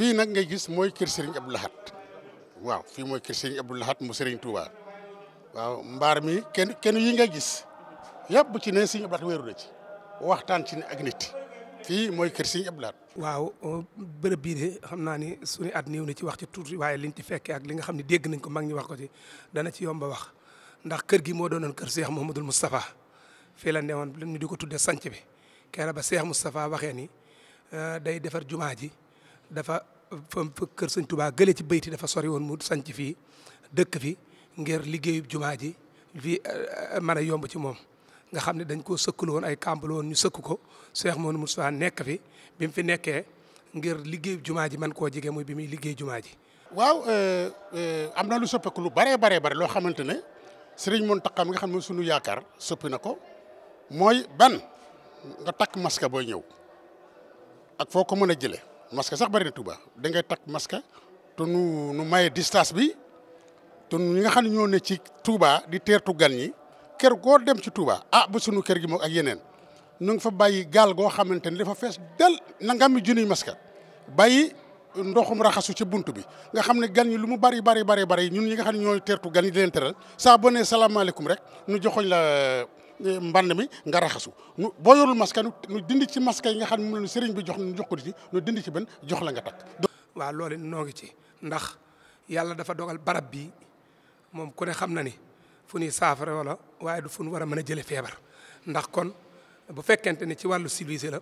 fii nag ngay gis mooy kër Serigne Abdou Lahad waaw fii mooy kër Serigne Abdou Lahad mu Serigne Touba waaw mbaar mi kenn kenn yi nga gis yëpp ci nee Serigne Abdou Lahad wéeru na ci waxtaan ci ne ak nit fii mooy kër Serigne Abdou Lahad. waaw bërëb bii de xam naa ni suñu at néew na ci wax ci tuuti waaye liñ ci fekkee ak li nga xam ni dégg nañ ko mag ñi wax ko ci dana ci yomba wax ndax kër gi moo doonoon kër Cheikh Mouhamadoul Moustapha fii la newoon ñu di ko tuddee sanc bi keroog ba Cheikh Moustapha waxee ni euh, day defar jumaa ji. dafa fa kër sañ tubaa gële ci bayti dafa sori woon mu sanc fii dëkk fi ngir liggéeyu jumaa ji fi eh, eh, mën a yomb ci moom nga xam ne dañ koo sëkkul woon ay kàmbal woon ñu sëkk ko Cheikh Mouhamadou Moustapha nekk fi bi mu fi nekkee ngir liggéeyub jumaa ji man koo jege muy bi muy liggéey jumaa ji waaw euh, euh, am na lu soppeeku lu baree baree bare loo xamante ne Serigne Mountakha mi nga xam ne sunu yaakaar soppi na ko mooy ban nga takk masque booy ñëw ak foo ko mën a jëlee masque sax bari na Touba da ngay takk masque to nu nu maye distance bi to ñi nga xam ne ñoo ne ci Touba di teertu gan ñi kër goo dem ci Touba ah ba sunu kër gi moom ak yeneen ñu ngi fa bay gaal goo xamante ni dafa fees del nangami junniy masque bay ndoxum raxasu ci bunt bi nga xam ne gan ñi lu mu bari bari bari bari ñun ñi nga xam ne ñooy teertu gan ñi di leen teral saa boo nee salaamaaleykum rek nu joxoñ la Eh, mband mi nga raxasu nu boo yorul maska nu dindi ci maska yi nga xam ne moom la sëriñ bi jox nu jox ko ci nu dindi ci benn jox la nga takk. waaw loolu noo ngi ci ndax yàlla dafa dogal barab bi moom ku xam na ni fu ñuy saafara wala waaye du fu ñu war a mën a jëlee feebar ndax kon bu fekkente ne ci wàllu civilisé la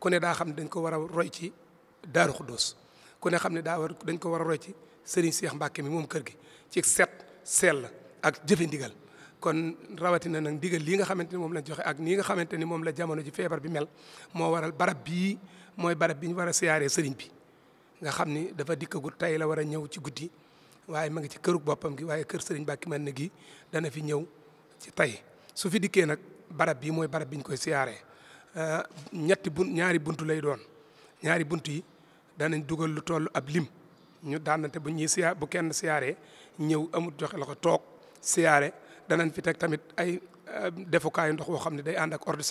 ku ne daa xam ne dañ ko war a roy ci Daaru Xuddoos ku ne xam ne daa war dañ ko war a roy ci Serigne Cheikh Mbacke mi moom kër gi ci set sell ak jëfe ndigal kon rawatina nag ndigal lii nga xamante ni moom la joxe ak nii nga xamante ni moom la jamono ji feebar bi mel moo waral barab bii mooy barab bi ñu war a siyaaree sëriñ bi nga xam ni dafa dikkagut tey la war a ñëw ci guddi waaye ma ngi ci kërug boppam gi waaye kër sëriñ Mbàkke man na gi dana fi ñëw ci tey su fi dikkee nag barab bii mooy barab bi ñu koy siyaaree euh, ñetti bun ñaari buntu lay doon ñaari bunt yi danañ dugal lu toll ab lim ñu daanante bu ñuy siyaar bu kenn siyaaree ñëw amut joxe la ko toog siyaare danañ fi teg tamit ay euh, defukaayu ndox woo xam ne day ànd ak eau de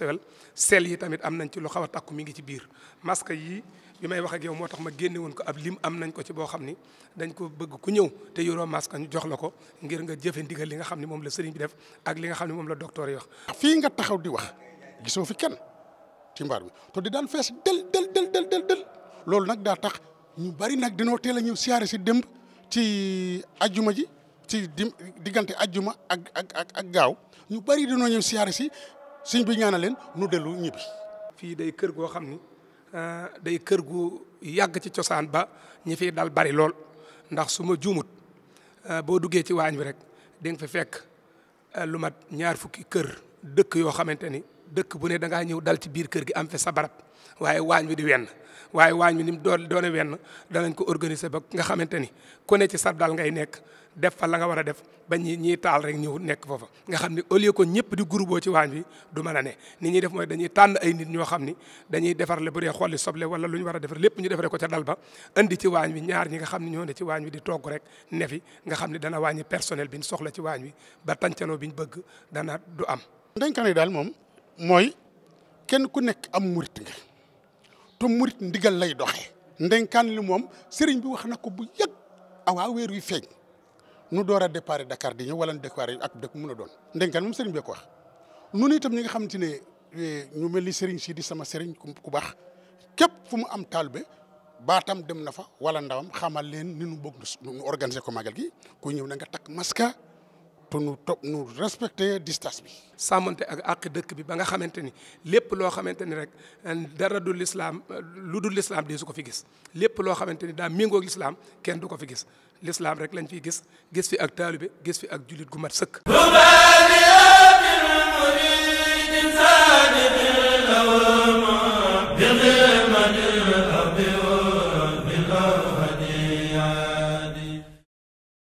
sel yi tamit am nañ ci lu xaw a takku mi ngi ci biir masque yi bi may wax ak moo tax ma génne woon ko ab lim am nañ ko ci boo xam ni dañ ko bëgg ku ñëw te yoroo masque ñu jox la ko ngir nga jëfe ndigal li nga xam ne moom la sëriñ bi def ak li nga xam ne moom la docteur yi wax fii nga taxaw di wax gisoo fi kenn ci mbaar bi to di daan fees del del del del loolu nag daa tax ñu bari nag dinoo teel a ñëw siyaare si démb ci ajjuma ji ci diggante ajjuma ak ak ak ak gaaw ñu bari dañoo ñëw siyaare si suñ bi na leen nu dellu ñibbi. fii day kër goo xam ni euh, day kër gu yàgg ci cosaan ba ñi fiy dal bari lool ndax su ma juumut euh, boo duggee ci waañ wi rek di nga fi fekk euh, lu mat ñaar fukki kër dëkk yoo xamante ni dëkk bu ne da ñëw dal ci biir kër gi am fi sa barab waaye waañ wi di wenn waaye waañ bi ni mu doon doone wenn danañ ko organiser ba nga xamante ni ku ci sab dal ngay nekk def fa la nga war def ba ñi ñiy taal rek ñëw nekk foofa nga xam ne au ko que ñëpp di groupé ci waañ bi du mën a ne ni ñuy def mooy dañuy tànn ay nit ñoo xam ni dañuy defar le bu dee xolli soble wala lu ñu war a defar lépp ñu defaree ko ca dal ba indi ci waañ bi ñaar ñi nga xam ne ñoo ne ci waañ wi di togg rek ne fi nga xam ne dana wàññi personnel bi ñu soxla ci waañ wi ba tàncaloo bi ñu bëgg dana du am ndenkaane daal moom mooy kenn ku nekk am murit nga te lay doxe ndenkaan li moom sëriñ bi wax na ko bu yàgg awaa weer yu nu door a départ Dakar di ñëw wala nu départ ak dëkk mën a doon ndenkaan moom sëriñ bee ko wax nun itam ñi nga xamante ne eh, ñu mel ni sëriñ si di sama sëriñ ku baax képp fu mu am taalube baatam dem na fa wala ndawam xamal leen ni nu bëgg nu organiser ko magal gi ku ñëw na nga takk maska te nu topp nu respecté distance bi. sàmmante ak àq dëkk bi ba nga xamante ni lépp loo xamante ni rek dara du lislaam lu dul lislaam di su ko fi gis lépp loo xamante ni daa méngoo lislaam kenn du ko fi gis lislaam rek lañ fiy gis gis fi ak bi gis fi ak jullit gu mat sëkk.